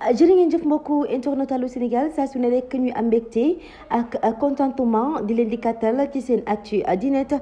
jërë ngeen jëf mbokku internet Allô Sénégal saa su ne rek ñuy am mbégte ak contentement di leen di kattal ci seen actu dinette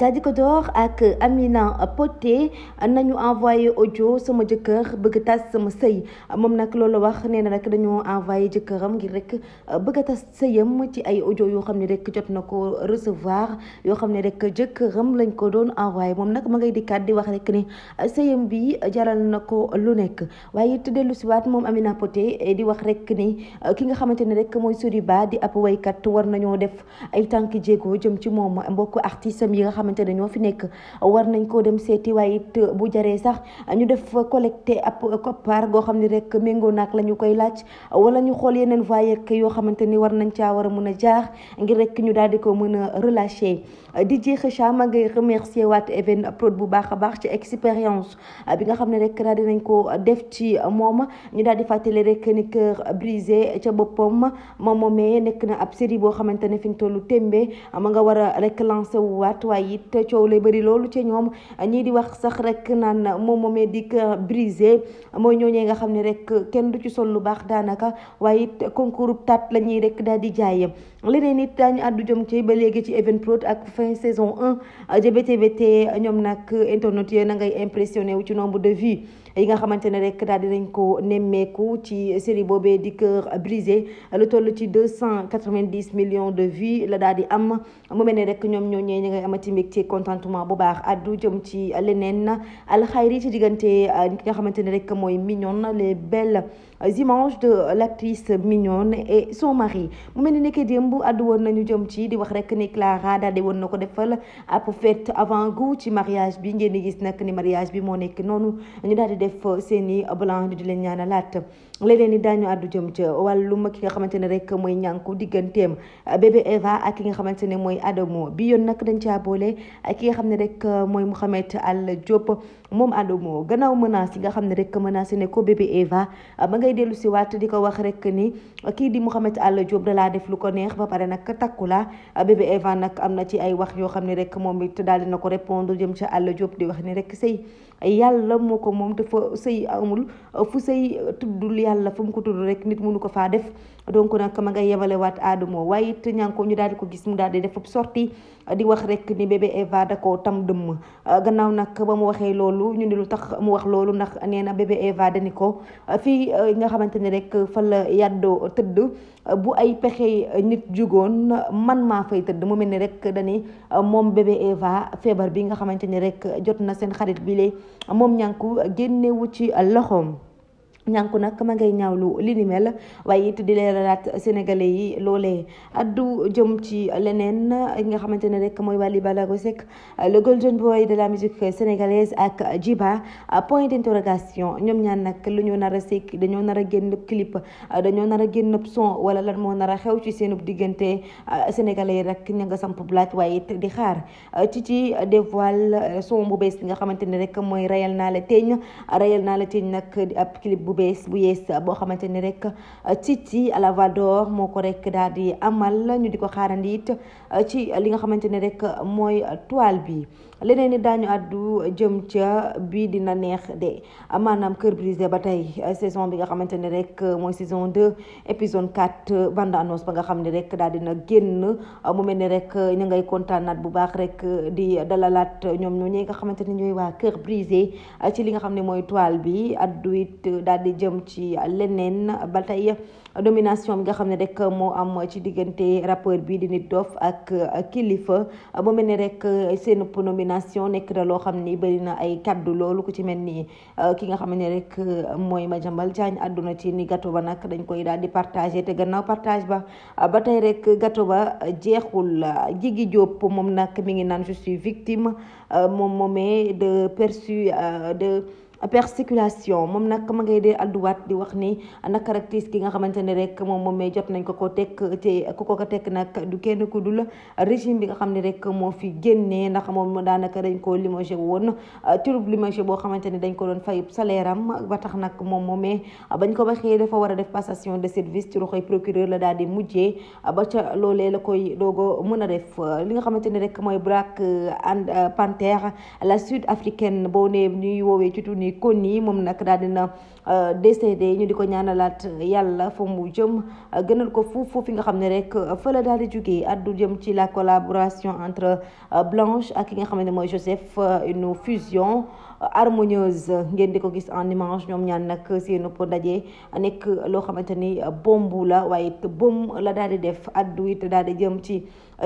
daal di ko door ak Amina Poté nañu envoyé audio sama jëkkër bëgg tas sama sëy moom nag loolu wax nee na rek dañoo envoyé jëkkëram ngir rek bëgg a tas sëyam ci ay audio yoo xam ne rek jot na ko recevoir yoo xam ne rek jëkkëram lañ ko doon envoyé moom nag ma ngay dikkaat di wax rek ni sëyam bi jaral na ko lu nekk waaye it dellu si waat moom Amina Poté eh, di wax rek ni eh, ki nga xamante ne rek mooy Soriba di ab waykat war nañoo def ay tànk jéego jëm ci moom mbokk artistes yi nga xamante ne ñoo fi nekk war nañ koo dem seeti waaye it eh, bu jaree sax ñu def collecté ab koppar goo xam ne rek méngoo naak la ñu koy laaj wala ñu xool yeneen voie yoo xamante ni war nañ caa war a mën a jaar ngir rek ñu daal di ko mën a relâché di jeex Kheucha ma ngay remercier waat Evenprod bu baax baax ci expérience bi nga xam ne rek daal ko def ci moom ñu daal di fàttali fàttali rek ni cœur brisé ca boppam moom moomee nekk na ab série boo xamante ne fi ñu tollu témbe ma nga war a rek lancé wu waat waaye it coow lay bëri loolu ca ñoom ñii di wax sax rek naan moom moomee di cœur brisé mooy ñooñee nga xam ne rek kenn du ci sol lu baax daanaka waaye it concours tat la ñuy rek daal di jaay leneen it daañu àddu jëm ci ba léegi ci Evenprod ak fin saison 1 jabété bété ñoom nag internet yooyu na ngay impressionné wu ci nombre de vi yi nga xamante ne rek daal dinañ ko nemmeeku ci série boobee di cœur brisé lu toll ci deux cent quatre-vingt-dix millions de vues la daal di am mu mel ne rek ñoom ñoo ñee ñi ngay amati ci contentement bu baax addu jëm ci leneen na alxayri ci diggante euh, ki nga xamante ne rek mooy mignonne les belles images de l'actrice mignonne et son mari mu mel ni nekkee démb addu woon nañu jëm ci di wax rek ni Clara daal di woon na ko defal ab fête avant goût ci mariage bi ngeen di gis nag ni mariage bi moo nekk noonu def seen i blanc di leen ñaanalaat leneen i daañu àddu jëm ca wàllum ki nga xamante ne rek mooy ñànku digganteem bébé Eva ak ki nga xamante ne mooy Adamo bi yoon nag dañ caa boole ki nga xam ne rek mooy Mouhamed Al Diop moom Adamo gannaaw menace yi nga xam ne rek menacé ne ko bébé Eva ba ngay dellu si waat di ko wax rek ni kii di Mouhamed Al Diop da laa def lu ko neex ba pare nag takku la bébé Eva nag am na ci ay wax yoo xam ne rek moom it daal dina ko répondre jëm ca àll Diop di wax ni rek sëy yàlla moo ko moom dafa sëy amul fu sëy tuddul yàlla fu mu ko tudd rek nit munu ko faa def donc nag ma nga yebale waat Adamo waaye it ñànko ñu daal di ko gis mu daal di def sorti di wax rek ni bébé Eva da koo tam dëmm gannaaw nag ba mu waxee loolu ñu ne lu tax mu wax loolu ndax nee na bébé Eva dani ko fii euh, nga xamante ne rek fa la yàddoo tëdd bu ay pexe nit jugoon man maa fay tëdd mu mel ni rek dani moom bébé Eva feebar bi nga xamante ni rek jot na seen xarit bi lee moom ñànku génnewu ci loxoom ñànku nag ma ngay ñaawlu li ni mel waaye it di leeralaat sénégalais yi loolee addu jëm ci leneen nga xamante ne rek mooy Wally Ballago Seck le golden boy de la musique sénégalaise ak Djiba point d'interrogation ñoom ñaan nag lu ñoo nar a sekk dañoo nar a génn clip dañoo nar a génn son wala lan moo nar a xew ci seenub diggante sénégalais yi rek ña nga samp blaat waaye it di xaar ci ci dévoile son bu bees bi nga xamante ne rek mooy rayal naa la teeñ rayal naa la teeñ nag bu bees bu yees boo xamante ni rek Titi Alavador moo ko rek daal di amal ñu di ko xaarandi it ci li nga xamante ni rek mooy toile bi leneen ni daañu addu jëm ca bii dina neex de maanaam cœur brisé ba tey saison bi nga xamante ni rek mooy saison 2 épisode 4 bande annonce ba nga xam ne rek daal dina génn mu mel ni rek ñu ngay kontaanaat bu baax rek di dalalaat ñoom ñoo ñi nga xamante ni ñooy waa cœur brisé ci li nga xam ne mooy toile bi addu it daal daal di jëm ci leneen ba tey domination bi nga xam ne rek moo am ci diggante rappeur bi di Nit Doff ak kilifa mu mel ni rek seen nomination nekk na loo xam ni bëri na ay kaddu loolu ku ci mel ni euh, ki nga xam ne rek euh, mooy ma Madiambal Diagne àdduna ci ni gâteau ba nag dañ koy daal di partagé te gannaaw partage ba ba tey rek gâteau ba jeexul Jigi Diop moom nag mi ngi naan je victime euh, moom moomee de perçu de perséculation moom nag ma ngay dee adduwaat di wax ni naka rek tiis nga xamante ne rek moom moom mais jot nañ ko ko teg te ku ko ko teg nag du kenn ku dul régime bi nga xam ne rek moo fi génnee ndax moom daanaka dañ ko limogé woon turub limogé boo xamante ne dañ ko doon fayub salaire am ba tax nag moom moomee bañ ko waxee dafa war a def passation de service ci loxoy procureur la daal di mujjee ba ca loolee la koy doogo mën a def li nga xamante ne rek mooy Black Panther la sud africaine boo nee ñuy woowee ci tur Mimi Koni moom nag daal dina euh, décédé ñu di ko ñaanalaat yàlla fa mu jëm gënal ko foofu fi nga xam ne rek fa la daal di jugee addu jëm ci la collaboration entre euh, Blanche ak ki nga xam mooy Joseph euh, une fusion harmonieuse ngeen di ko gis en image ñaan nag seen po ndaje nekk loo xamante ni bombu la waaye it la daal di def addu it daal di jëm ci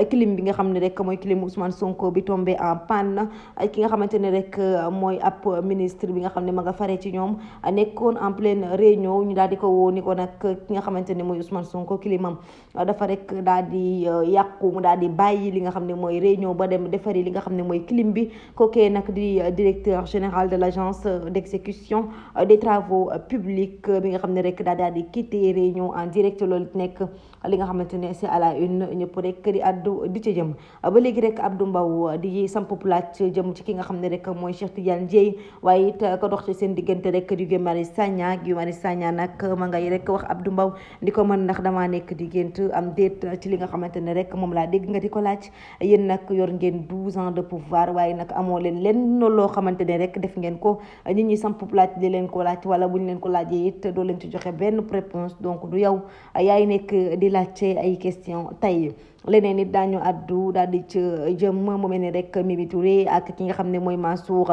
clim bi nga xam ne rek mooy clim Ousmane Sonko bi tombé en panne ki nga xamante ne rek mooy ab ministre bi nga xam ne ma nga fare ci ñoom nekkoon en pleine réunion ñu daal di ko woo ni ko nag ki nga xamante ne mooy Ousmane Sonko kilimam dafa rek daal di euh, yàqu li nga xam ne mooy réunion ba dem defari li nga xam ne mooy clim bi kookee nag di euh, directeur général de l' agence euh, d' exécution des travaux publics bi nga xam ne rek daal di quitter réunion en direct loolu nekk li nga xamante ne c'est à la une ñëpp rek di addu di ci jëm ba léegi rek Abdou Mbow di samp plaat jëm ci ki nga xam ne rek mooy Cheikh Tidiane Dieye waaye it nag dox ci seen diggante rek di Guy Marius Sagna Guy Marius Sagna nag ma ngay rek wax du mbaw di ko mën ndax damaa nekk di gént am déet ci li nga xamante ne rek moom laa dégg nga di ko laaj yéen nag yor ngeen douze ans de pouvoir waaye nag amoo leen leen loo xamante ne rek def ngeen ko nit ñi samp laaj di leen ko laaj wala bu ñu leen ko laajee it doo leen ci joxe benn réponse donc du yow yaay nekk di laajte ay question tey leneen it daañu addu daal di ci jëm mu mel ni rek Mimi Touré ak ki nga xam ne mooy Mansour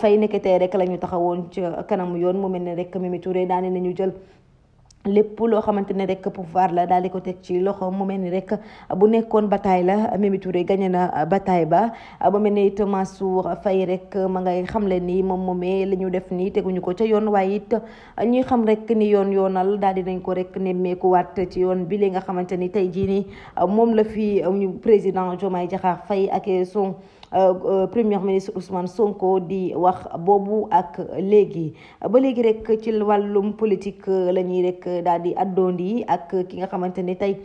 Faye nekk tey rek la ñu woon ca kanamu yoon mu mel ni rek Mimi Touré daane ñu jël lépp loo xamante ne rek pouvoir la daal di ko teg ci loxo mu mel ni rek bu nekkoon bataille la Mimi Touré na bataay ba mu mel ni it Mansour Faye rek ma ngay xamle ni moom moomee la ñu def nii teguñu ko ca yoon waaye it ñuy xam rek ni yoon yoonal daal di nañ ko rek nemmeekuwaat ci yoon bi li nga xamante ni tey jii nii moom la fi ñu président Diomaye Diakhar fay ak son. Euh, euh, premier ministre Ousmane Sonko di wax boobu ak léegi ba léegi rek ci wàllum politique euh, la ñuy rek daal di addondi ak ki nga xamante ni tey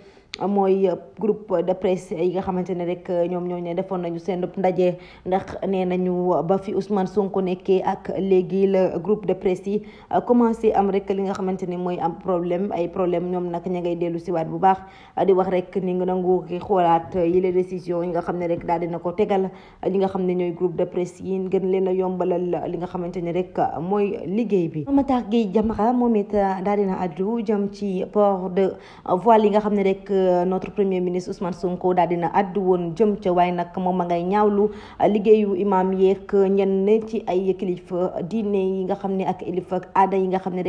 mooy euh, groupe de presse yi nga xamante ne rek euh, ñoom ñoo ne defoon nañu seen ndaje ndax nee nañu ba fi Ousmane Sonko nekkee ak léegi la groupe de presse yi euh, commencé am rek li nga xamante ni mooy am problème ay problème ñoom nag ña ngay dellu siwaat bu baax di rek ni nga nangu ki xoolaat yile décision yi nga xam ne rek daal dina ko tegal li nga xam ne ñooy groupe de presse yi gën leen a yombalal li nga xamante ne rek mooy liggéey bi ma tax gi jamara moom it daal dina addu jëm ci port de voile yi nga xam ne rek notre premier ministre Ousmane Sonko daal dina àddu woon jëm ca waaye nag moom a ngay ñaawlu liggéeyu imaam yeeg ñenn ci ay kilifa diine yi nga xam ne ak kilifa aada yi nga xam ne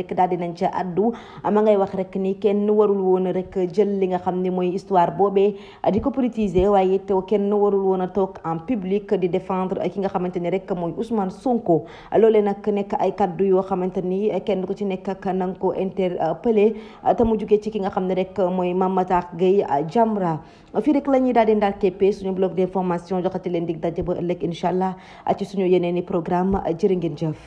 ni kenn warul woon rek li nga xam ne mooy histoire boobee di ko politiser waaye it kenn warul woon a toog en public di défendre ki nga xamante ni rek ni kenn ku ci nekk ak na nga ko interpellé te mu jugee ci ki nga xam ne rek mooy Mame Gueye uh, Jamra fii rek la ñuy daal di ndaar képpe suñu bloc d'information joxati leen dig daje ba ëllëg incha allah ci suñu yeneen i programme uh, jërë ngeen jëf